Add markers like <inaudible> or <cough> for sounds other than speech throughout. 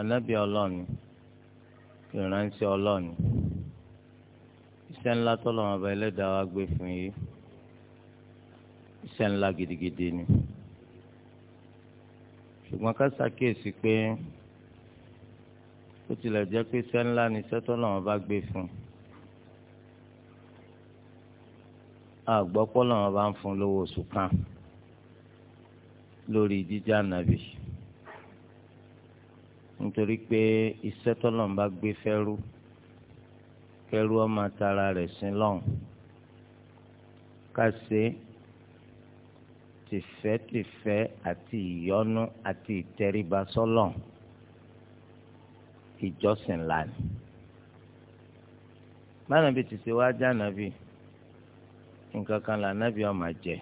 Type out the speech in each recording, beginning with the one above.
anabi ọlọ́ọ̀ni ìránṣẹ́ ọlọ́ọ̀ni iṣẹ́ ńlá tọ́lọ̀ wọn bá ẹlẹ́dàá wa gbé fún yìí iṣẹ́ ńlá gidigidi ni ṣùgbọ́n ká ṣàkíyèsí pé ó tilẹ̀ jẹ́ pé iṣẹ́ ńlá ni iṣẹ́ tọ́lọ̀ wọn bá gbé fún àgbọ́pọ̀ lọ́wọ́ bá ń fún lówó oṣù kan lórí jíjá nàbì nítorí pé iṣẹ́ tọ́lọ̀ ń bá gbé fẹ́rú kẹ́rú ọmọ tara rẹ̀ sí lọ́hùn ká ṣe tìfẹ́tìfẹ́ àti ìyọ́nú àti ìtẹríba sọ́lọ̀ ìjọsìn lánìí báwọn ibi ti ṣe wá já nàbì nǹkan kan là nàbì ọmọ jẹ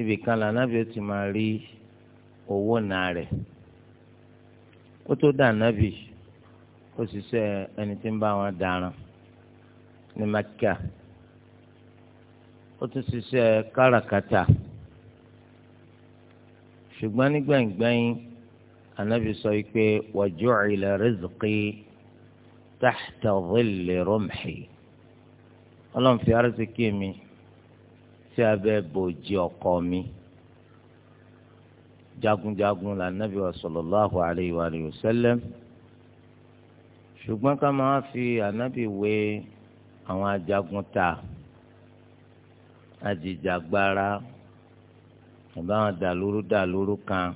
ibì kan là nàbì ó ti máa rí owó náà rẹ̀ kó tó dà nábì ó ṣiṣẹ́ ẹni tí ń bá wọn darán ní Mẹ́kà ó tún ṣiṣẹ́ káràkátà ṣùgbọ́n nígbàgbẹ́yìn anabi sọ pé waju'ila rizqi tahta dhilli rumhi ọlọ́run fi arísìkí mi sí abẹ́ bòjì ọkọ mi jagunjagun la nabi wa sallallahu alayhi wa alihi wa sallam ṣùgbọ́n ká máa fi ànábì wé àwọn ajagun ta ajìjàgbara àbáwọn dàlúrú dàlúrú kan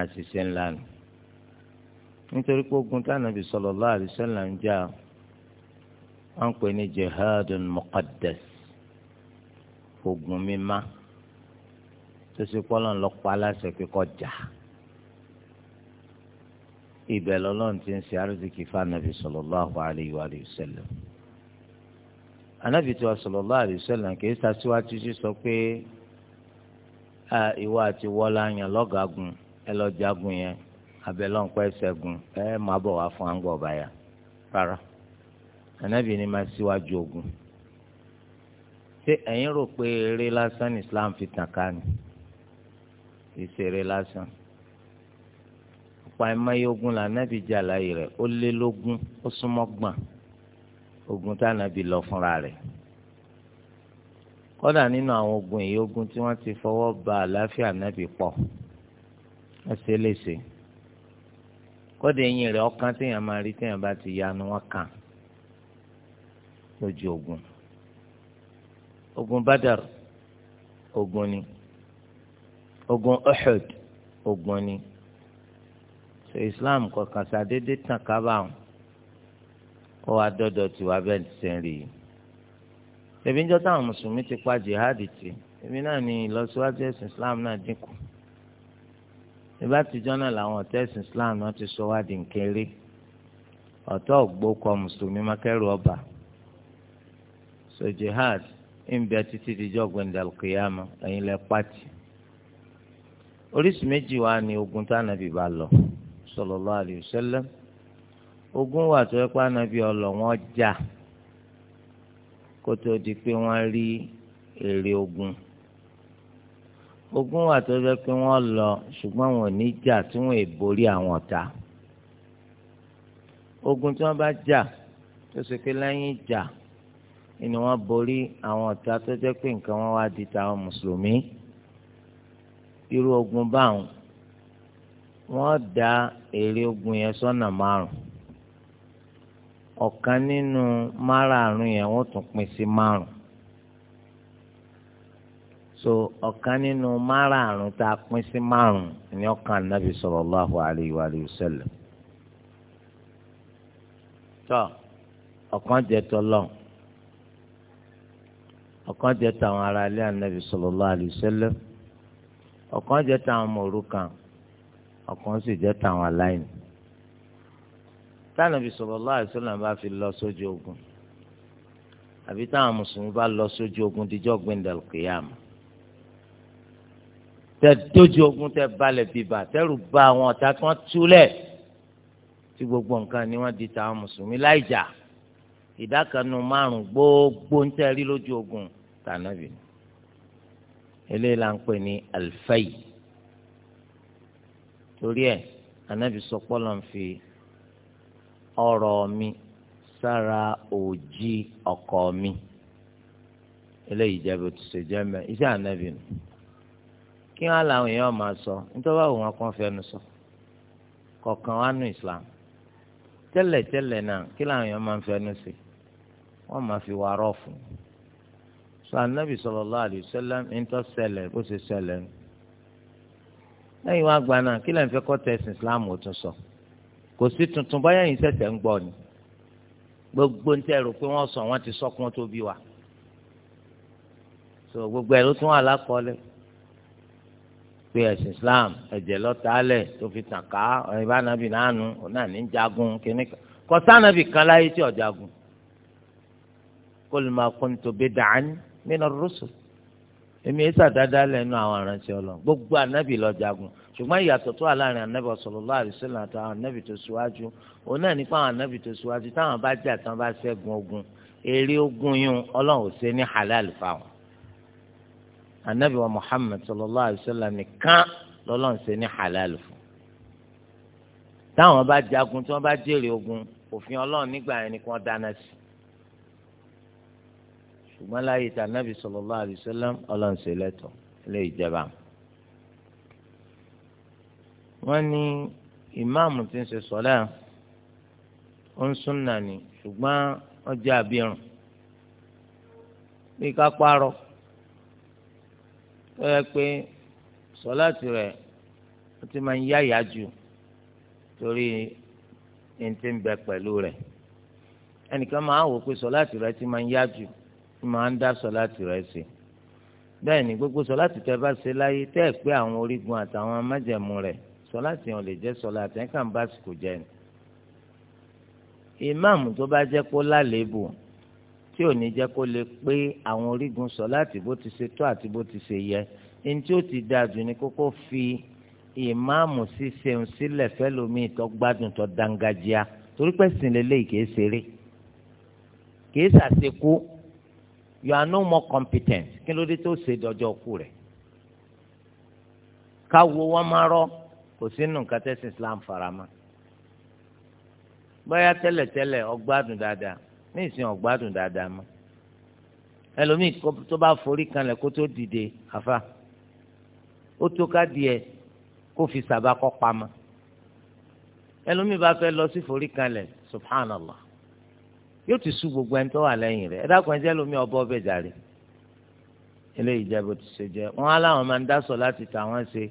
àṣìṣe ńlá nù nítorí pé ogun tí ànábì sallallahu alayhi wa sallam jà wọ́n pè ní jihadun muqaddas ogun mímá tó ṣe pọ́lọ́n lọ pa aláṣẹ pé kọjá ibẹ̀ lọ́lọ́run ti ń ṣe àrùsíkì fànàbì sallallahu alayhi wa sallam anábì tí wọ́n sallallahu alayhi wa sallam kì í sàṣíwájú sí sọ pé ìwọ àti wọ́lá yẹn lọ́gàgùn ẹ lọ́ọ́ jagun yẹn abẹ́lọ́npẹ́ ṣẹ́gun ẹ máa bọ̀ wá fún àǹgbọ̀ báyà rárá anábì ni máa ṣíwájú ogun ṣé ẹ̀yin rò pé eré lásán ni Islam fi tàn ká ni ìṣeré lásán ọ̀pọ̀ àìmọyeogun là nàbì jẹ́ àlàyé rẹ̀ ó lé lógún ó súnmọ́ gbọ̀n ogun tá nàbì lọ fúnra rẹ̀ kódà nínú àwọn ogun èyí ogun tí wọ́n ti fọwọ́ ba àlàáfíà nàbì pọ̀ wọ́n ṣe léṣe kódà eyín rẹ̀ ọkàn téèyàn máa rí téèyàn bá ti yanu wọn kàn lójú ogun ogun Badar ogun ni ogun Uhud ogun ni so Islam kọkàn sàdédé tàn kábàáhùn ó wá dọ́dọ̀ tiwa bẹ́ẹ̀ ti sẹ́ ń rí i ẹ̀bí níjọ́ táwọn mùsùlùmí ti pa jihad tì ẹ̀bí náà ni ìlọsíwájú ẹ̀sìn Islam náà dínkù ìbá tijọ́ náà làwọn ọ̀tẹ́ ẹ̀sìn Islam náà ti sọ wá nkéré ọ̀tọ́ ògbókọ mùsùlùmí mákẹ́rù ọba so jihad ń bẹ títí dijọ́ gbẹ̀ndàlùkìyàmù ẹ̀yin pàtì oríṣi méjì wá ní ogun tá ànábì bá lọ sallallahu alayhi wa sallam ogun wà tó yẹ pé ànábì ọlọ wọn jà kó tó di pé wọn rí èrè ogun ogun wà tó yẹ pé wọn lọ ṣùgbọ́n wọn ò ní jà tí wọn è borí àwọn ọ̀tá ogun tí wọn bá jà tó ṣe pé lẹ́yìn ìjà ni wọn borí àwọn ọ̀tá tó jẹ́ pé nǹkan wọn wá di tàwọn mùsùlùmí. Iru ogun báwọn wọ́n da èrè ogun yẹn sọ́nà márùn ọ̀kan nínú márààrún yẹn wọ́n tún pín sí márùn so ọ̀kan nínú márààrún tá a pin sí márùn ni ọ̀kan Ànábì sallallahu alayhi wa sallam tọ́ ọ̀kan jẹ́ tọ́lọ́n ọkan jẹ́ tàwọn ará ilé Ànábì sallallahu alayhi wa ọ̀kan jẹ́ tàwọn ọmọ òrukàn ọ̀kan sì jẹ́ tàwọn aláìní. tánàbí sallallahu alaihi wasallam bá fi lọ sójú ogun àbí táwọn mùsùlùmí bá lọ sójú ogun díjọ́ gbẹ̀ndẹ̀l kìyàmù. tẹ dójú ogun tẹ balẹ̀ bíbà tẹrù bá àwọn ọ̀tá kí wọ́n túlẹ̀ tí gbogbo nǹkan ni wọ́n di táwọn mùsùlùmí láìjà ìdákanu márùn gbogbo ń tẹ̀rí lójú ogun tànàbí ni eléyìí là ń pè ní alfayi torí ẹ anabi sọpọ lọ ń fi ọrọ̀ mi sára òjì ọkọ mi eléyìí jẹ bó ti ṣe jẹ mẹ iṣẹ́ anabi nù kí wọn làwọn èèyàn máa sọ nítorí àwọn wọn kàn fẹnu sọ kọ̀ọ̀kan wà nù islam tẹ́lẹ̀tẹ́lẹ̀ náà kí làwọn èèyàn máa fẹnu sí wọn máa fi wà rọ fún un sọ anabi sallallahu alaihi wasallam ntọ́ ṣẹlẹ̀ bó ṣe ṣẹlẹ̀ ní. lẹ́yìn wá gba náà kí lẹ́yìn fẹ́ kọ́ tẹ̀sìn islam ò tún sọ kò sí tuntun báyà yìí ṣẹ̀ṣẹ̀ ń gbọ́ ni gbogbo ń tẹ́ rò pé wọ́n sọ wọ́n ti sọ́kún tó bí wa so gbogbo ẹ̀ ló tún wà lákọọ́lẹ̀ pé ẹ̀sìn islam ẹ̀jẹ̀ lọ́tàálẹ̀ tó fi tàn ká ìbánabi nánu ọ̀nà ní jagun kínní kan kọ́sánàbì kan láyé tí ò jagun kul ma kuntu bid'an mina rusul èmi yìí sàdáadáa lẹ́nu àwọn aránṣẹ́ Ọlọ́run gbogbo ànábì ló jagun ṣùgbọ́n ìyàtọ̀ tó wà láàrin ànábì sallallahu alaihi wasallam àtàwọn ànábì tó ṣíwájú òun náà nípa àwọn ànábì tó ṣíwájú táwọn bá jà tán bá ṣẹ́gun ogun èrè ogun yún Ọlọ́run ò ṣe ní halal fáwọn ànábì wa Muhammad sallallahu alaihi wasallam nìkan lọ́lọ́run ṣe ní halal fún táwọn bá jagun tí wọ́n bá jèrè ogun òfin Ọlọ́run nígbà yẹn ni kí wọ́n dáná sí ṣùgbọ́n láyé tá nàbì sallallahu alaihi wasallam ọlọ́ọ̀sẹ̀ lẹ́tọ̀ ilé ìjẹba. wọ́n ní ìmáàmù tí ń ṣe sọ́lá ó ń sún nàní ṣùgbọ́n wọ́n jẹ́ àbírùn bí ká parọ́ ó yẹ pé sọ́lá tirẹ̀ ó ti máa ń yáyà jù torí ẹni tí ń bẹ pẹ̀lú rẹ̀ ẹnìkan máa wò pé sọ́lá tirẹ̀ ti máa ń yá jù tí máa ń dá sọláàtì rẹ̀ ṣe bẹ́ẹ̀ ni gbogbo sọláàtì tẹ́ bá ṣe láyé tẹ́ ẹ̀ pé àwọn orígun àtàwọn amájẹ̀mú rẹ̀ sọláàtì yẹn ò lè jẹ́ sọláàtì ẹ̀ kàn bá sìkò jẹ́ ni. ìmáàmù tó bá jẹ́ kó lálébù tí ò ní jẹ́ kó lè pé àwọn orígun sọláàtì bó ti ṣe tó àti bó ti ṣe yẹ ẹni tí ó ti dáa jù ni kókó fi ìmáàmù ṣíṣeun sílẹ̀ fẹ́lómi tó gbádùn tó dángájíá torí lélẹ́yìí kìí ṣeré kìí ṣàṣekú you are no more competent kí ló dé tó ṣe dọjọ́ kú rẹ̀ káwo wọn máa rọ kò sínú nǹkan tẹ́sí Islam farama bóyá tẹ́lẹ̀tẹ́lẹ̀ ọgbádùn dáadáa ní ìsìn ọgbádùn dáadáa mọ́ ẹlòmíì tó bá forí kanlẹ̀ kó tó dìde àfa ó tó ká díẹ̀ kó fi sàbá kọ́ pamọ́ ẹlòmíì bá fẹ́ lọ sí forí kanlẹ̀ subhanallah yóò ti sú gbogbo ẹni tó wà lẹ́yìn rẹ̀ ẹ dákun ẹjẹ́ lómi ọbọ̀ ọbẹ̀ jàre eléyìí jẹ́ bó ti ṣe jẹ́ wọn á láwọn máa ń dá sọ láti tà wọ́n ṣe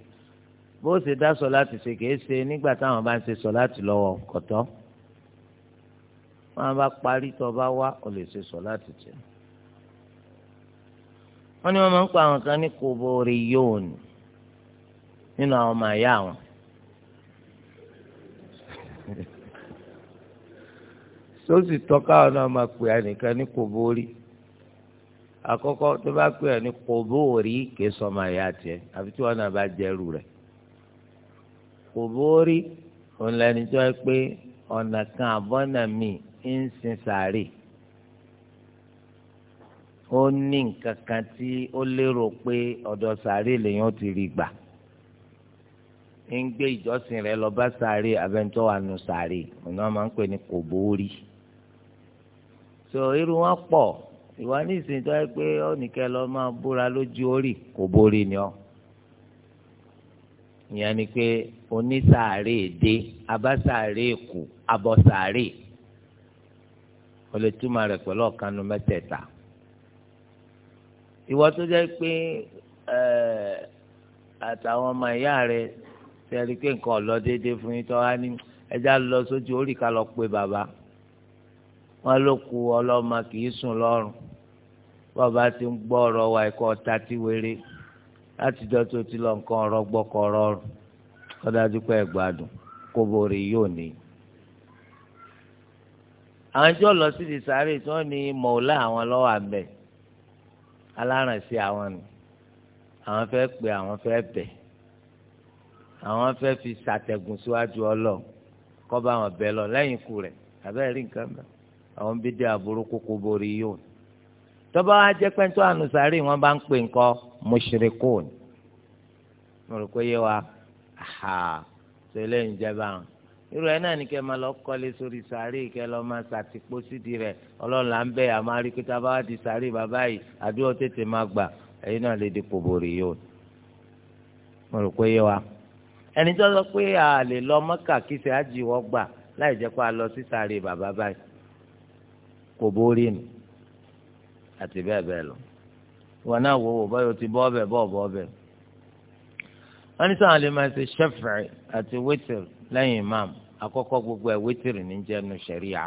bó ṣe dá sọ láti ṣe kìí ṣe nígbà táwọn bá ń ṣe sọ láti lọ́wọ́ kọ̀tọ́ wọn bá parí tó bá wá ò lè ṣe sọ láti tẹ̀ wọ́n ní wọ́n máa ń pa àwọn kan ní kòbóore yóòn nínú àwọn ọmọ àyà wọn. <laughs> tó sì tọ́ka ọ̀nà máa pè ẹnìkan ní kòbórí àkọ́kọ́ tó bá pè ẹ́ ní kòbórí kìí sọmọ ẹ̀yà tiẹ̀ àfi tí náà bá jẹ́rù rẹ̀ kòbórí òun tó pé ọ̀nà kan àbọ̀nà mi ń sin sàárè ó ní nǹkan kan tí ó lérò pé ọ̀dọ̀ sàárè lèyàn ti rí gbà ń gbé ìjọsìn lọ bá sàárè abẹ́ńtọ́ nù sàárè máa ń pè ní so irú wọn pọ̀ ìwà ní ìsìn tó yẹ pé ọ̀nìkẹ́ lọ máa búra lójú orí kò borí ni ọ́ ìyẹn ni pé onísàárè dé abásàárè kù abọ́sàárè o lè túmọ̀ rẹ̀ pẹ̀lú ọ̀kanu mẹ́tẹ̀ẹ̀ta ìwọ tó jẹ́ pé àtàwọn ọmọ ìyá rẹ̀ tẹ̀lé pé nǹkan ọ̀lọ́ déédéé fún yín tó wá ní ẹja lọ sójú orí ká lọ pé bàbá wọn ló ku ọlọ́mọ kì í sùn lọ́rùn bọ́ọ̀bá ti ń gbọ́ ọ̀rọ̀ wa ẹ̀kọ́ ọ̀tá ti wéré látijọ́ tó ti lọ nǹkan ọ̀rọ̀ gbọ́kọ̀ rọrùn kọ́dájú pé ẹ̀gbádùn kó borí yóò ní. àwọn tí wọ́n lọ sí ìdìsáré tí wọ́n ní mọ̀ọ́lá àwọn lọ́wọ́ àbẹ̀ alárànṣe àwọn nù àwọn fẹ́ pè àwọn fẹ́ bẹ̀ àwọn fẹ́ fi ṣàtẹ̀gùn síwájú ọlọ́ kọ́ bá wọn bẹ̀ lọ lẹ́yìn ikú rẹ̀ àbẹ́rẹ́ rí nǹkan bẹ́ẹ̀ àwọn bídé àbúrò kókó borí yóò tọ́ba wa jẹ́ pẹ́ńtọ́ ànusárì wọn bá ń pè nǹkan mushrikun mo rò pé yé wa ṣe lẹ́yìn jẹba hàn irú ẹ náà ní kẹ́ máa lọ kọ́lé sórí sàárè kẹ́ lọ máa ṣàtìpó sídìí rẹ̀ ọlọ́run là ń bẹ̀ àmọ́ àríkítà bá wà di sàárè bàbá yìí àdúrà tètè máa gbà ẹ̀yin náà lè di kòbòrè yìí o mo rò pé yé wa ẹni tó sọ pé a lè lọ mọ́kà kí ṣe àjìwọ́ gbà láì jẹ́ pé a lọ sí sàárè bàbá báyìí kò borí ni àti bẹ́ẹ̀ bẹ́ẹ̀ lọ wọn náà wò wò báyọ̀ ti bọ́ ọbẹ̀ bọ́ ọbọ̀ ọbẹ̀ wọn ní sáà lè máa ṣe ṣẹfẹ̀rẹ̀ àti wítìrì lẹ́yìn imam àkọ́kọ́ gbogbo ẹ̀ wítìrì ní jẹ́nu ṣẹ̀ríà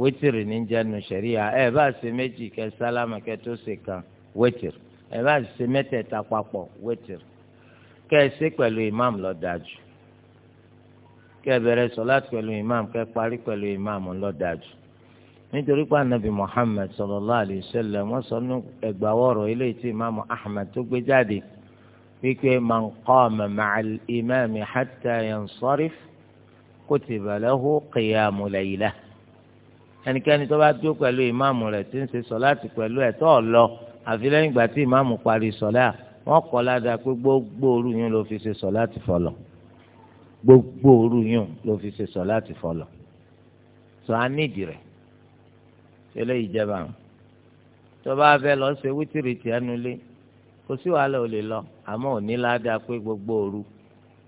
wítìrì ní jẹ́nu ṣẹ̀ríà ẹ bá ṣe méjì kẹ sálámà kẹ tó ṣe kan wítìrì ẹ bá ṣe mẹ́tẹ̀ẹ̀ta papọ̀ wítìrì kẹ ẹ ṣe pẹ̀lú imam ló dájú kẹ ẹ bẹ̀rẹ̀ sọ̀láàtì pẹ̀lú imam kẹ parí pẹ̀lú imam ló dájú nítorí pé anabi muhammed sallallahu alayhi wa sallam wọ́n sọ ní ẹgbàwọ́rọ̀ eléyìí tí imaamu ahmed tó gbé jáde wípé man qama ma'al imaami hatta yansarif kutiba lahu qiyamu layla ẹnikẹ́ni tó bá dúró pẹ̀lú ìmáàmù rẹ̀ tí ń ṣe sọ́láàtì pẹ̀lú ẹ̀ tó lọ àfi lẹ́yìn ìgbà tí ìmáàmù parí sọ́lá wọ́n kọ́ ládàá pé gbogbo òru yín ló fi ṣe sọ́láàtì fọlọ̀ gbogbo òru yín ló fi ṣe sọ́láàtì fọlọ̀ sọ á nídìí rẹ̀ ṣẹlẹ̀ ìjẹba àwọn tó bá fẹ́ lọ ṣe wítìrì tì ẹnu lé kò sí wàhálà ò lè lọ àmọ́ òní ládàá pé gbogbo òru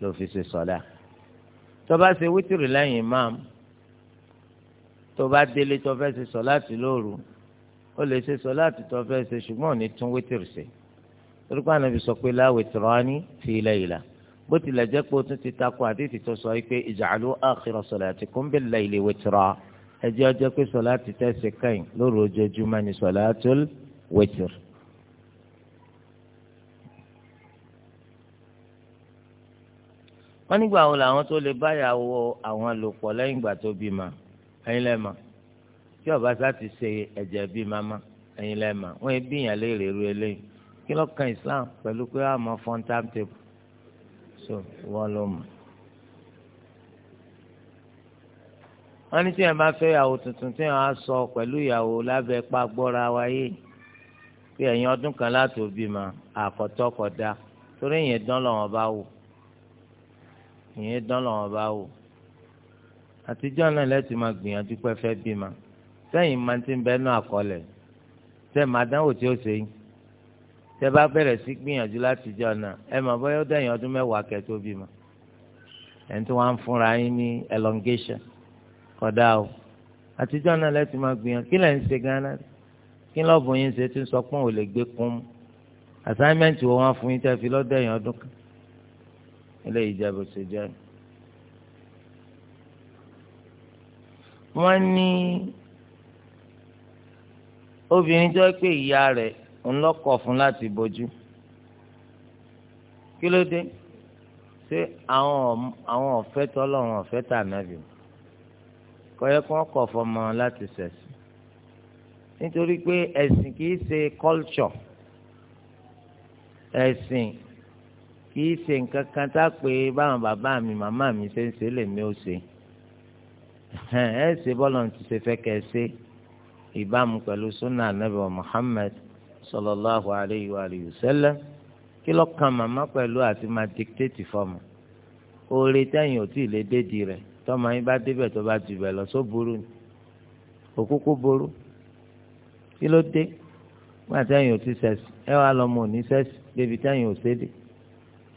ló fi ṣe sọ̀dá tó bá ṣe wítìrì lẹ́yìn imam tó bá délé tó fẹ́ ṣe sọ̀láàtì lóru ó lè ṣe sọ̀láàtì tó fẹ́ ṣe ṣùgbọ́n òní tún wítìrì ṣe torí ànábi sọ pé láwùjọ tọrọ ní fi ilẹ̀ ìlà bó tilẹ̀ jẹ́ pé o tún ti takò àdéhìí tó sọ pé ij'alu akhira salatikum bil layli witra ẹjẹ́ ọjọ́ pé sọlá ti tẹ̀sí kẹ́yìn lóru ojoojúmọ́ ni sọlátul witr. wọ́n nígbà wo làwọn tó lè báyàwó àwọn lò pọ̀ lẹ́yìn ìgbà tó bímọ ẹ̀yin lẹ́ẹ̀ma tí ọba sá ti ṣe ẹ̀jẹ̀ bímọ mọ́ ẹ̀yin lẹ́ẹ̀ma wọ́n ebi yàn léèrè ru eléyìí kí lọ́ọ́ Islam pẹ̀lú pé àwọn ọmọ fọ́ńtàmtẹ́bù so wọ́n ló mọ̀. wọ́n ní tí yẹn bá fẹ́ ìyàwó tuntun tí yẹn á sọ pẹ̀lú ìyàwó lábẹ́ pa gbọ́ra wáyé pé ẹ̀yìn ọdún kan láti òbí mà àkọ́tọ́ kọ̀dá torí ìyẹn dán lọ́wọ́ bá wò ìyẹn dán lọ́wọ́ bá wò àtijọ́ náà lẹ́tì máa gbìyànjú pé fẹ́ bí mà sẹ́yìn máa ti ń bẹ́ẹ̀ náà àkọọ́lẹ̀ sẹ́ẹ̀ máa dánwò tí ó ṣe yín tẹ bá bẹ̀rẹ̀ sí gbìyànjú láti jọ náà ẹ mọ̀ bóyá ó dẹ̀yìn ọdún mẹ́wàá kẹ́ tó bí mà ẹ̀ ń tún wá ń fúnra yín ní elongation kọ̀dá o àtijọ́ náà lẹ́tì máa gbìyànjú kí lẹ́yìn ṣe gánà kí lọ́ọ̀bù yín ṣe tí ń sọ pé òun lè gbé kún mu àsáímẹ́ǹtì wo wọn fún yín tẹ́ fi lọ́dọ̀ èèyàn ọdún kan eléyìí jẹ́ bó ṣe jẹ́ wọ́n ní obìnrin jọ pé ìyá rẹ̀ ń lọ́kọ̀ fún láti bójú kí ló dé ṣé àwọn ọ̀fẹ́ tọ́lọ́run ọ̀fẹ́ tà náà bìí kọyẹ kàn kọ fọmọ láti ṣẹ̀sìn nítorí pé ẹ̀sìn kìí ṣe culture ẹ̀sìn kìí ṣe nǹkan kan tá a pé báwọn bàbá mi màmá mi ṣe ń ṣe lèmi ò ṣe ẹ ṣe bọ́lá ti ṣe fẹ́ kẹ́ ẹ ṣe ìbámu pẹ̀lú sunna anabi muhammed sallallahu alayhi wa alihi wa sallam kí ló kan màmá pẹ̀lú àti máa dictate fọmọ oore tẹ́yìn ò tí ì lè dédi rẹ̀ tọ́mọ yín bá débẹ̀ tó bá jù bẹ̀ lọ só burú ni òkúkú burú kí ló dé wọn àtẹ̀yìn ò ti sẹ́sì ẹ wàá lọ́mọ ò ní sẹ́sì débi tẹ̀yìn ò séde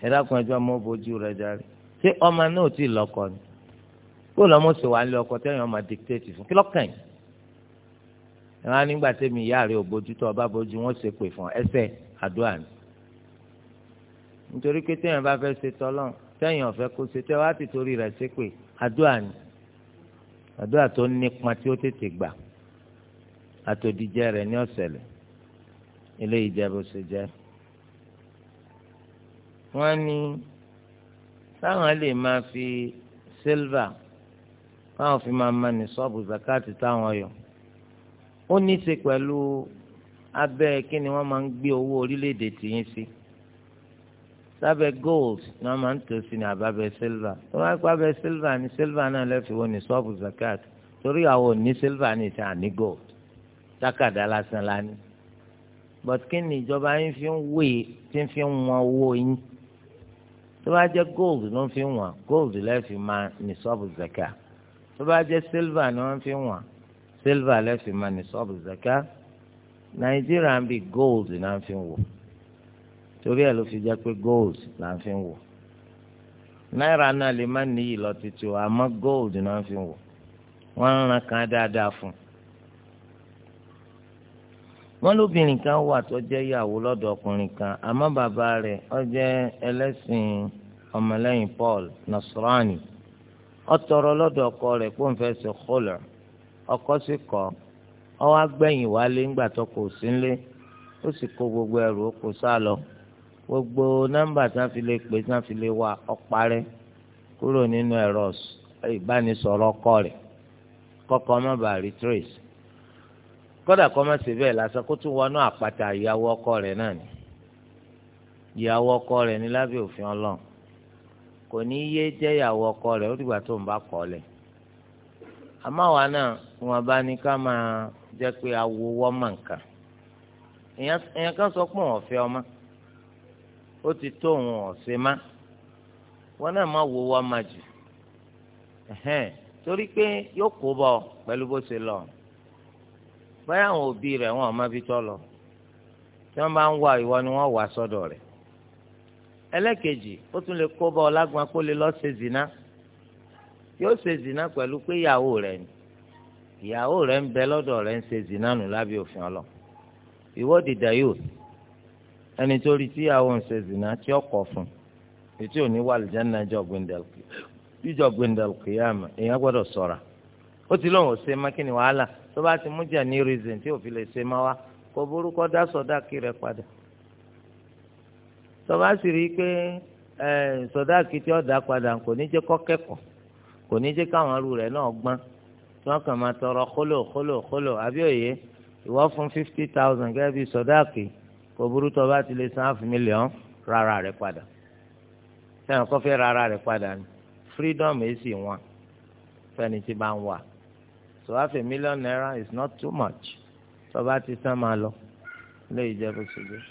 ẹ dákun ẹjọ́ ọmọ bojú rẹ̀ darí ṣé ọmọ náà ò tí ì lọ́kọ ni kó lọ́mọ sì wà nílé ọkọ tẹ̀yìn ọmọ dictate fún kí lọ́kàn yìí ẹ wá nígbà tẹ̀mí ìyá rẹ̀ ò bojú tó ọba bojú wọn ṣe pè fún ẹsẹ̀ àdúrà ni nítorí pé tẹ̀yìn bá fẹ́ ṣe tọ́lọ́run sẹ́yìn ọ̀fẹ́ kó ṣe tẹ́ wá ti torí rẹ̀ ṣépè àdúrà ni àdúrà tó nípa tí ó tètè gbà àtòdìjẹ rẹ̀ ní ọ̀sẹ̀lẹ̀ eléyìí jẹ́ bó ṣe jẹ́. wọ́n ní táwọn lè máa fi sílvà táwọn fi máa ma ní sọ́ọ̀bù zakati táwọn yọ ó ní í ṣe pẹ̀lú abẹ́ kí ni wọ́n máa ń gbé owó orílẹ̀-èdè tìyín sí. Si sábẹ́ gold ni wọ́n máa ń tò sí ní àbábẹ́ silva tó bá pa abẹ́ silva ni silva náà lẹ́fi wo ní sọ́ọ̀bù zakat torí àwọn òní silva ní ìta àní gold tákàdá lásán lání but kí ni ìjọba yín fi ń wé tí ń fi ń wọn owó yín tó bá jẹ́ gold ló ń fi wọn gold lẹ́fi máa ní sọ́ọ̀bù zakat tó bá jẹ́ silva ni wọ́n fi wọn silva lẹ́fi máa ní sọ́ọ̀bù zakat nàìjíríà ń bi gold náà fi ń wọ̀. torí ẹ̀ ló fi jẹ́ pé gold là ń fi wò náírà náà lè má níyì lọ títí o àmọ́ gold náà fi wò wọ́n ń ran kan dáadáa fún un. wọ́n lóbìnrin kan wà tó jẹ́ ìyàwó lọ́dọ̀ ọkùnrin kan àmọ́ bàbá rẹ̀ ó jẹ́ ẹlẹ́sìn ọmọlẹ́yìn Paul Nasrani ó tọrọ lọ́dọ̀ ọkọ rẹ̀ pé òun fẹ́ kọlọ ọkọ sì kọ ọ wá gbẹ̀yìn wálé ńgbà tó kò sí nílé ó sì kó gbogbo ẹrù ó kó sá lọ. gbogbo nọ́mbà tí wọ́n fi lè pè tí wọ́n fi lè wá ọparẹ kúrò nínú ẹ̀rọ ìbánisọ̀rọ̀ ọkọ rẹ̀ kọkọ má bàa rí trace kódà kọ́ má ṣe bẹ́ẹ̀ lásán kó tún wọnú àpáta ìyàwó ọkọ rẹ̀ náà ni ìyàwó ọkọ rẹ̀ ní lábẹ́ òfin Ọlọ́run kò ní yé jẹ́ ìyàwó ọkọ rẹ̀ ó dìgbà tó ń bá kọ́ lẹ̀ àmọ́ àwa náà wọn bá ní ká máa jẹ́ pé awo wọ́n mọ̀ nǹkan èèyàn kan sọ pé òun ọ̀fẹ́ ọmọ ó ti tó òun ọ̀sẹ̀ má wọn náà má wo wá má jù torí pé yóò kó bọ pẹ̀lú bó ṣe lọ báyà àwọn òbí rẹ̀ wọn ọmọ bí tọ́ lọ tí wọ́n bá ń wá ìwọ ni wọ́n wà sọ́dọ̀ rẹ̀ ẹlẹ́kejì ó tún lè kó bọ ọlágbọ́n kó lè lọ ṣe zina yóò ṣe zina pẹ̀lú pé ìyàwó rẹ̀ ni ìyàwó rẹ̀ ń bẹ lọ́dọ̀ rẹ̀ ń ṣe zina nù lábẹ́ òfin ọlọ ìwọ́dìdà yóò sí ẹni tó rí tíyàwó ń ṣe zìnà tí ó fún etí ò wà lìjánná ìjọ gbendalki ìjọ gbendalki yá èèyàn ó ti lóun ò ṣe má kí ni wàhálà tó bá ti mú jà ní tí òfin lè ṣe má wá burúkọ dá rẹ padà tó bá sì rí i pé sọdá tí ó dá padà kò ní jẹ́ kó ka kò ní jẹ́ káwọn arú rẹ̀ náà gbọ́n tọrọ àbí òye ìwọ fún fifty thousand gẹ́gẹ́ bí kò burú tó bá ti lè san half million rárá rẹ̀ padà sẹ́yìn kọ́ fẹ́ rárá rẹ̀ padà ni freedom èsì wọn fẹ́ni tí bá ń wà so half a million naira is not too much tó bá ti san máa lọ lè jẹ́ bó ṣe jẹ́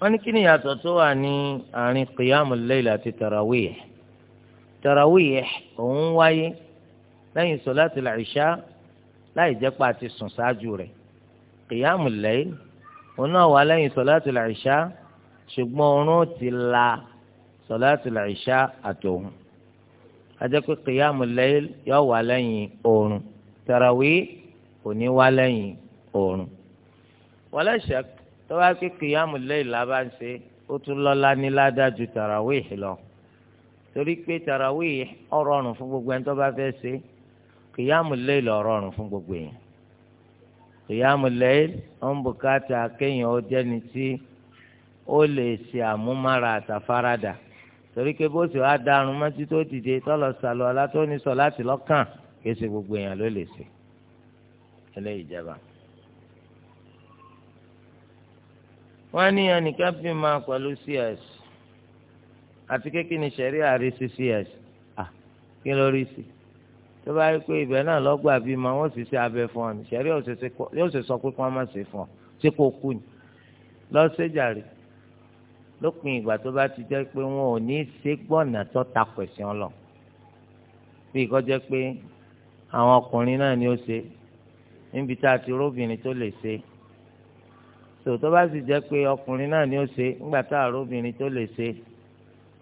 wọ́n ní kí ni ìyàtọ̀ tó wà ní àárín kìyàmù lẹ́yìn àti tarawih tarawih òun wáyé lẹ́yìn sọ̀láàtì làìṣá láì jẹ́ pa àti sùn ṣáájú rẹ̀ kìyàmù lẹ́yìn òun náà wà lẹ́yìn sọ̀láàtì làìṣá ṣùgbọ́n oorun ti la sọ̀láàtì làìṣá àtòun ajẹ́ pé kìyàmù lẹ́yìn yóò wà lẹ́yìn oorun tàràwí kò ní wá lẹ́yìn oorun. wala shak tó bá pé kìyàmù lẹ́yìn la bá ń ṣe ó tún lọ́lá ní ládájú tàràwí lọ torí pé tàràwí ọ̀rọ̀rùn fún gbogbo ẹni tó bá fẹ́ ṣe kìyàmù lẹ́yìn lọ́rọ̀rùn fún gbogbo yẹn kìyàmù lẹ́yìn ọ̀n bùkátà kéèyàn ó jẹ́ni tí ó lè ṣe àmúmára àtàfáradà torí pé bó ṣe wá darun mọ́tí tó dìde tọ́lọ̀ sàlọ́ alátóní sọ láti lọ́kàn kí ṣe gbogbo èèyàn ló lè ṣe eléyìí jẹba. wọ́n ní ẹnìkan fi máa pẹ̀lú cs àti kékeré ní sẹ̀rí cs kí ló rí sí i tó bá rí pé ibẹ̀ náà lọ́gbà bíi ma wọ́n sì ṣe abẹ fún ọ nìṣẹ́rí yóò ṣe sọ pé kí wọ́n má ṣe fún ọ ṣé kò kú ni lọ séjàre lópin ìgbà tó bá ti jẹ́ pé wọn ò ní í ṣe gbọ́nà tó ta pẹ̀sìn ọ lọ bí kò jẹ́ pé àwọn ọkùnrin náà ni ó ṣe níbi tá a ti róbìnrin tó lè ṣe tó tó bá sì jẹ́ pé ọkùnrin náà ni ó ṣe ńgbà tá a róbìnrin tó lè ṣe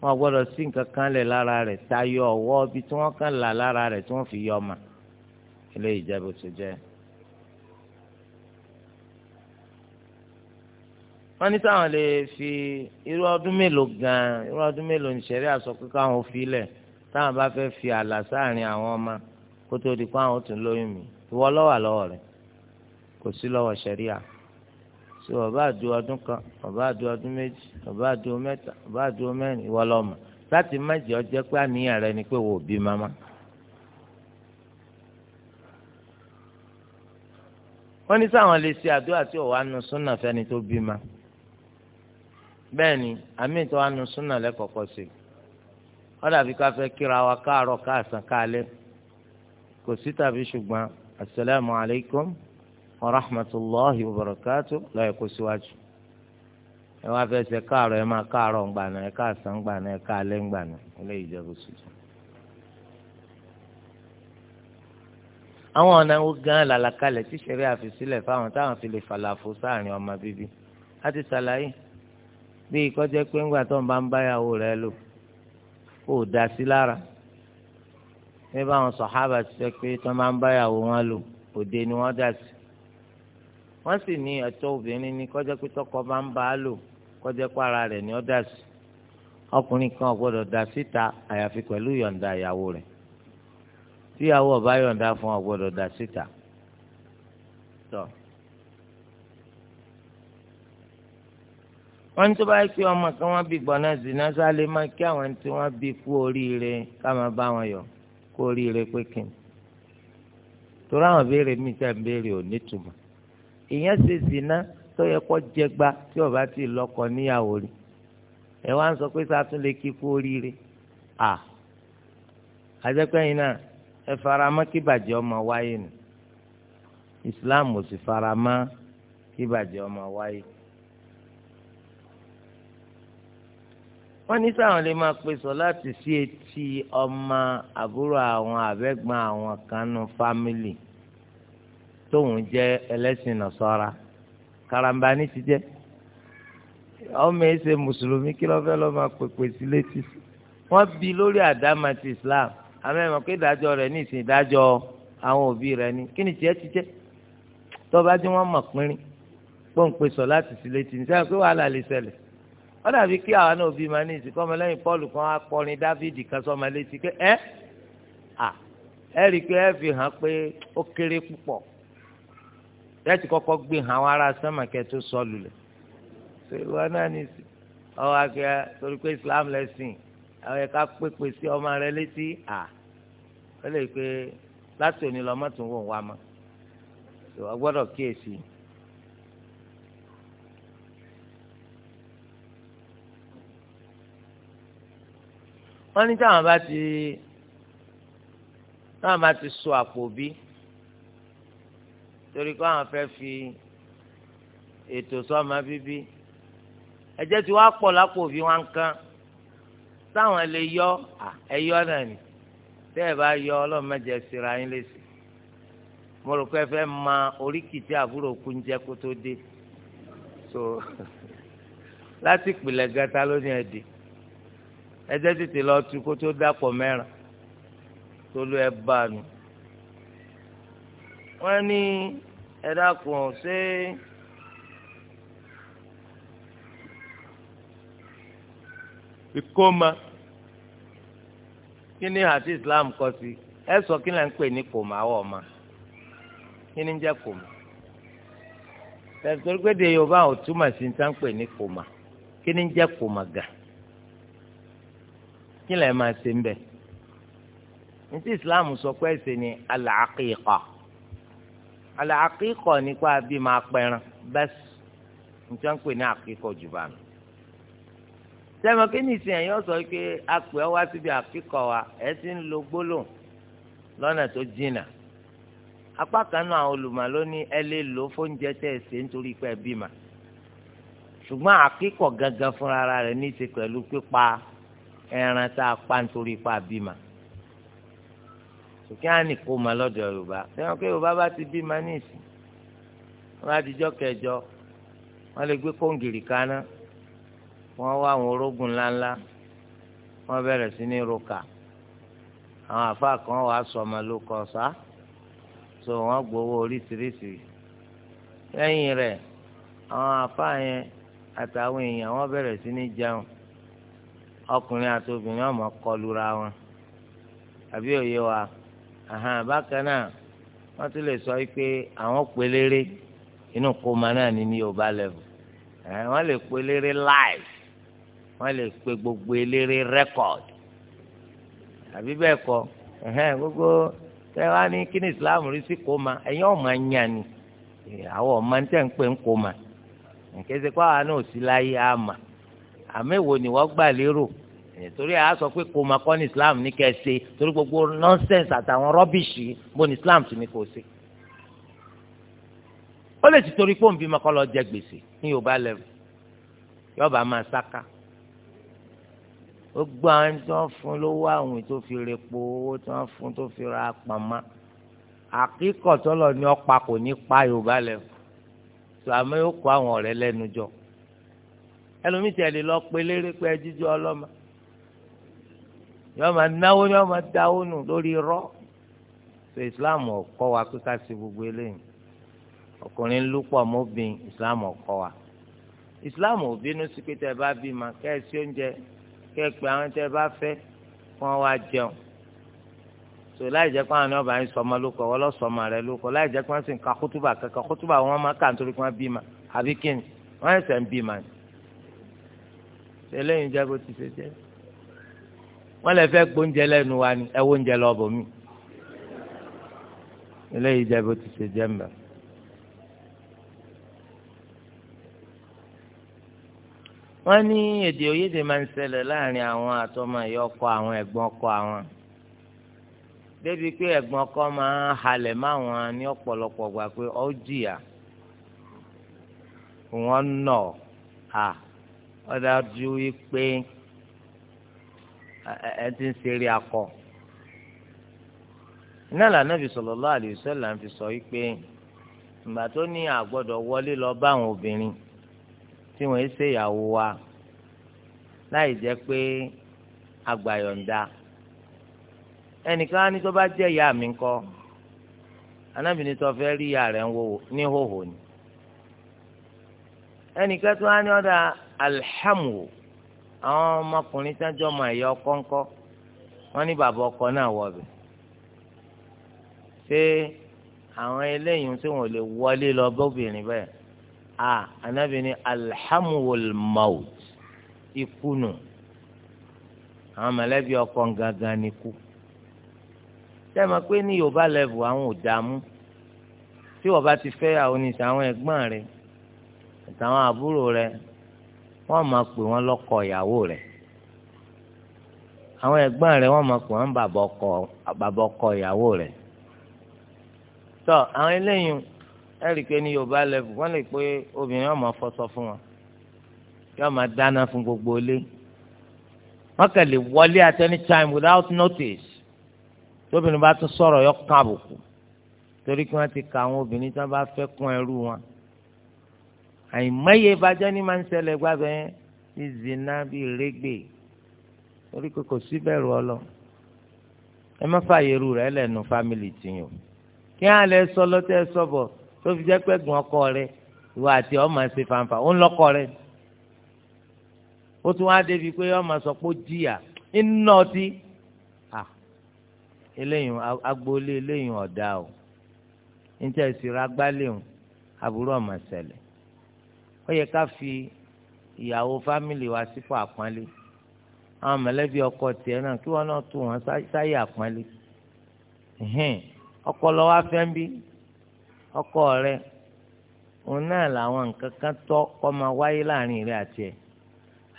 wọn gbọ́dọ̀ sí nǹkan kan lẹ̀ lára rẹ̀ tayọ ọwọ́ bí tí wọ́n kàn là lára rẹ̀ tí wọ́n fi yọ ọmọ eléyìí jẹ́ bó ṣe jẹ́. wọ́n ní táwọn lè fi irú ọdún mélòó gan-an irú ọdún mélòó ní sẹ́rí àsọ káwọn fi táwọn bá fẹ́ fi ààlà sáàrin àwọn ọmọ kó tó di pé àwọn tún lóyún mi ìwọ lọ́wọ́ àlọ́wọ́ rẹ̀ kò sí lọ́wọ́ sẹ́ríà ṣé bàbá àdó ọdún kan bàbá àdó ọdún méjì bàbá àdó mẹ́ta bàbá àdó mẹ́rin ìwọ lọmọ láti mẹjẹ ọjẹ pé àníyàn rẹ ni pé wò ó bí mama. wọ́n ní sáwọn lè ṣe àdúrà tí òwò anu súnà fẹ́ni tó bímọ bẹ́ẹ̀ ni àmì tó anu súnà lẹ́kọ̀ọ́kọ́ sí i wọ́n dàbí ká fẹ́ kíra wa káàárọ̀ káàsán káalẹ́ kò sí tàbí ṣùgbọ́n asalaamualeykum. As wa rahmatulahi wa barakatu lọ́yẹ̀ kó síwájú ẹ wá fẹ́ ṣe káàárọ̀ ẹ máa káàárọ̀ ń ẹ káàsán ń ẹ káàlẹ́ ń gbàna eléyìí àwọn ọ̀nà wo gan làlàkalẹ̀ tí fáwọn táwọn fi lè sáàrin ọmọ bíbí láti ṣàlàyé bí ìkọ́jẹ́ pé ńgbà tó ń bá ń báyàwó dá sí lára wọ́n sì ní ẹ̀tọ́ obìnrin ní kọjá pé tọkọ bá ń bá a lò kọjá pé ara rẹ̀ ni ó dà sí ọkùnrin kan ò gbọ́dọ̀ dà síta àyàfi pẹ̀lú yọ̀ǹda ìyàwó rẹ̀ tíyàwó ọba yọ̀ǹda fún ò gbọ́dọ̀ dà síta tọ. wọ́n tó bá yẹ kí ọmọ kan wọ́n bí gbọ́nà zina sálẹ̀ máa kí àwọn tí wọ́n bí kú oríire ká máa bá wọn yọ kú oríire pé kí n. torí àwọn béèrè mi tẹ̀ ń béèrè ò èèyàn ṣe zina tó yẹ kó jẹgba tí ó bá ti lọ́kọ níyàwó rí ẹ wá ń sọ pé sá tún lè kí kú oríire à àjẹpẹ́yìn náà ẹ faramọ́ kí bàjẹ́ ọmọ wáyé nù Islam ò sì faramọ́ kí bàjẹ́ ọmọ wáyé. wọ́n ní sáwọn lè máa pèsò láti sí etí ọmọ àbúrò àwọn àbẹ́gbọ́n àwọn kan fámìlì. No tóun jẹ́ ẹlẹ́sìn nàṣọ́ra karamba ní ti jẹ́ ọmọ yìí ṣe mùsùlùmí kí lọ́fẹ́ lọ́ máa pèpè sí létí wọ́n bi lórí àdámà ti Islam àmọ́ ẹ̀mọ́ pé ìdájọ́ rẹ̀ ní ìsìn ìdájọ́ àwọn òbí rẹ̀ ni kí ni tiẹ̀ ti jẹ́ tọ́ba tí wọ́n mọ̀ pínrín pọ́ǹpé sọ láti sí létí ní sẹ́yìn pé wàhálà lè ṣẹlẹ̀ wọ́n dàbí kí àwọn náà bí ma ní ìsìnkọ́ ọmọ lẹ́yìn Pọ́ọ̀lù kan akọrin Dáfídì kan sọ́mọ létí pé ẹ́ ẹ́ rí i pé ẹ fi hàn pé ó kéré púpọ̀ tẹ́tí kọ́kọ́ gbé hàn wá ara sẹ́mà kẹ́ tó sọ lulẹ̀ ṣé ìwọ náà ní ọwọ́ akẹ́ torí pé Islam lẹ́sìn àwọn ẹ̀ka pépè sí ọmọ rẹ létí à ó lè pe láti òní lọ mọ́tò wò wá mọ́ ìwọ gbọ́dọ̀ kíyèsí. wọ́n ní táwọn bá ti táwọn bá ti sọ àpò bíi torí pé àwọn fẹ́ fi ètò sọ́mọ bíbí ẹ̀jẹ̀ tí wàá pọ̀ lápò bí wọ́n ń kán táwọn lè yọ ẹ̀yọ́ náà ni tẹ́ ẹ̀ bá yọ ọlọ́mọdé síra yín lẹ́sìn mo rò pé ẹ fẹ́ ma oríkìtì àbúrò kú ń jẹ́ kó tó dé so <laughs> láti ìpìlẹ̀ gata lónìí ẹ̀dì ẹ̀jẹ̀ tètè lọ tu kó tó dàpọ̀ mẹ́rin tó ló ẹ bá a nù wọ́n ní ẹ dákun ṣé ìkómà kí ni àti Islam kọ sí ẹ sọ kí ni à ń pè ní kòmà àwọ̀ ọ̀ma kí ni ń jẹ́ kòmà tẹ̀sítorí pé de Yorùbá ò túmọ̀ sí ní sáńpẹ̀ ní kòmà kí ni ń jẹ́ kòmà gà kí lẹ́ẹ̀ máa ṣe ń bẹ̀ ní ti Islam sọ pé ẹ̀sìn ni al-aqiqah. ala akịkọ nípa bí máa pẹran bẹ́sì níta ń ní àkíkọ̀ jù bá sẹ́mi kí ni ìsìn ẹ̀yìn ọ̀sọ́ pé apẹ̀ wá síbi àkíkọ̀ wa ẹ̀ ti ń lo gbólóhùn lọ́nà tó jìnnà. apá kan náà olùmọ̀ ló ní ẹ lè fóúnjẹ tẹ̀ ṣe nítorí pé gangan fúnra rẹ̀ ní pẹ̀lú pípa ẹran pa nítorí pé sòkè àní kó ma lọ́dọ̀ yorùbá sẹ́wọ́n pé yorùbá bá ti bí manísì wọ́n á dijọ́ kẹjọ wọ́n lè gbé kóńgìrì kaná wọ́n wá àwọn orógùn ńláńlá wọ́n bẹ̀rẹ̀ sí ní roka àwọn àfa kan wàá sọmọ ló kọ sá so wọ́n gbowó oríṣiríṣi lẹ́yìn rẹ̀ àwọn àfa yẹn àtàwọn èèyàn wọ́n bẹ̀rẹ̀ sí ní jẹun ọkùnrin àti obìnrin ọmọ kọlura wọn àbí òye wa. àhàn bákan náà wọ́n ti lè sọ pé àwọn pelére inú kọ́má náà ni ní yorùbá level wọ́n lè pelére live wọ́n lè pe gbogbo eléré record àbí bẹ́ẹ̀ kọ́ gbogbo ní kí islam rí sí ni àwọn tẹ̀ ń pè ń Eh, torí a sọ pé kò máa kọ́ ní islam ní kẹ́ ẹ ṣe torí gbogbo nọ́nsẹ̀nsì àtàwọn rọ́bìṣì bó ní islam ti ní kò ṣe. ó lè ti torí pé òun bí mọ́kọ́ lọ jẹ gbèsè ní yorùbá lẹ́rù yọba máa sáká ó gbọ́ àwọn tí wọ́n fún lówó àwìn tó fi repo owó tí wọ́n fún tó fi ra pamọ́ àkíkọ̀ tọ́lọ̀ ọ̀pá kò ní pa yorùbá lẹ́rù tó àmọ́ yóò kó àwọn ọ̀rẹ́ lẹ́nu jọ ẹlòmíì tẹ̀lé lọ pé lérè pé ọlọ́mọ yọọ máa náwó yọọ máa dáwó nù lórí irọ́ so islam ọkọ wa pé ká ṣe gbogbo eléyìí ọkùnrin lúpọ̀ mọ́bìn islam ọkọ wa islam ò bínú sí pé tẹ bá bímọ kẹ ẹ sí oúnjẹ kẹ ẹ pé àwọn tẹ bá fẹ́ wọn wá jẹun so láì jẹ́ pé àwọn ọba yẹn sọmọ lóko ọwọ́ lọ sọmọ rẹ lóko láì jẹ́ pé wọ́n sì ń ka kútùbà kankan kútùbà wọn máa kà nítorí pé wọ́n bímọ àbí kíni wọ́n ẹ̀sẹ̀ ń bímọ ni eléyìí jẹ́ bó ti ṣe jẹ́ wọ́n lè fẹ́ gbóúnjẹ lẹ́nu wa ni ẹ wóúnjẹ lọ bò mí eléyìí jẹ́ bó ti ṣe jẹ́ mbẹ́. wọ́n ní èdè òyédè máa ń ṣẹlẹ̀ láàrin àwọn àtọmọ ìyá ọkọ àwọn ẹ̀gbọ́n ọkọ àwọn débi pé ẹ̀gbọ́n ọkọ máa ń halẹ̀ máwọn ní ọ̀pọ̀lọpọ̀ gbà pé ó jìyà wọ́n nọ̀ à ọ̀dájú wípé ẹ ti ń ṣeré akọ iná lànà fi sallallahu alaihi wasallam fi sọ yìí pé ìgbà tó ní àgbọ́dọ̀ wọlé lọ bá àwọn obìnrin tí wọ́n ṣe ìyàwó wa láì jẹ́ pé agbàyọ̀ǹda ẹnìkan á ní tó bá jẹ́ ìyá mi ńkọ́ anábìíní tó fẹ́ rí ìyá rẹ̀ ní hòhò ni ẹnìkan tó á ní ọ̀dà alhamdu àwọn ọmọkùnrin sájọ ọmọ ẹ̀yà ọkọ ńkọ́ wọ́n ní bàbá ọkọ náà wọ̀bẹ̀ ṣé àwọn eléyìí tí wọ́n lè wọlé lọ bóbìnrin bẹ́ẹ̀ a anábì ní alhamdulilayi ikú nù àwọn mọ̀lẹ́bí ọkọ gangan ni kú sẹ́mi pé ní yorùbá lẹ́vù àwọn ò dààmú tí wọ́n bá ti fẹ́ àwọn oníṣẹ́ àwọn ẹ̀gbọ́n rẹ̀ àtàwọn àbúrò rẹ̀ wọ́n máa pè wọ́n lọ́kọ ìyàwó rẹ̀ àwọn ẹ̀gbọ́n rẹ̀ wọ́n máa pè wọ́n bàbá ọkọ bàbá ọkọ ìyàwó rẹ̀ tó àwọn eléyìí ẹ̀rí pé ní yorùbá lẹ́fù wọ́n lè pé obìnrin ọmọ fọṣọ fún wọn yóò máa dáná fún gbogbo ilé wọ́n kàn wọlé at any time without notice tóbìnrin bá tún sọ̀rọ̀ yọ káàbùkù torí kí wọ́n ti ka àwọn obìnrin tí wọ́n bá fẹ́ kún ẹrú wọn àìmọye ìbàjẹ́ ni máa ń ṣẹlẹ̀ gbábẹ́ bí zina bí rẹ́gbẹ̀ orí kò kò sí bẹ̀rù ọlọ ẹ má fààyè irú rẹ lẹ́nu fámìlì tìyàn kí á lẹ sọ lọ́tẹ́ sọ̀bọ̀ tó fi jẹ́ pé gun ọkọ rẹ ìwà àti ọmọ ṣe fanfa ó ń lọ́kọ rẹ ó tún wá débi pé ọmọ sọ pé ó jìyà iná ọtí eléyìn agboolé eléyìn ọ̀dà o níta ìsirà agbálẹ̀ o àbúrò ọmọ ṣẹlẹ̀ ó yẹ ká fi ìyàwó fámìlì wa sípò àpọ́nlé àwọn mọ̀lẹ́bí ọkọ tiẹ̀ náà kí wọ́n náà tù wọ́n sáyé àpọ́nlé ọkọ lọ́wọ́ afẹ́ ń bí ọkọ rẹ òun náà làwọn nǹkan kan tọ́ kọ́ máa wáyé láàrin rẹ àti ẹ̀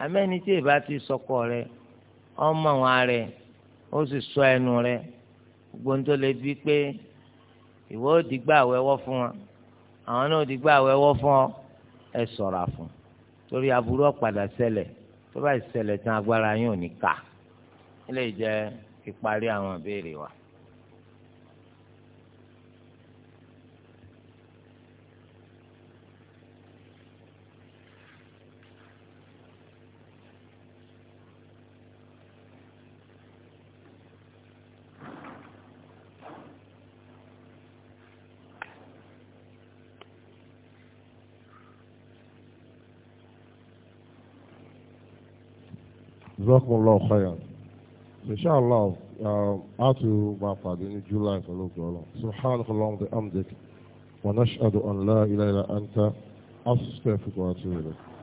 amẹ́ni tí ìbá ti sọkọ rẹ ọmọ wọn rẹ ó sì sọ ẹnu rẹ gbóńtó lè bí pé ìwọ ò dìgbà fún wọn àwọn náà ò dìgbà wẹ́wọ́ fún ọ ẹ ṣọ́ra fún torí aburú ọ̀padà ṣẹlẹ̀ tó bá ṣẹlẹ̀ tán agbára yín ò ní ká ilé ìjẹ́ ìparí àwọn ìbéèrè wa. Jazakumullahu khairan. Inshallah, um, a tún máa pàdé ní July pẹ̀lú ọ̀gbọ́n. Subhanakallahu bihamdik. Wa nashhadu an la ilaha illa anta. Astaghfiruka wa atubu ilayk.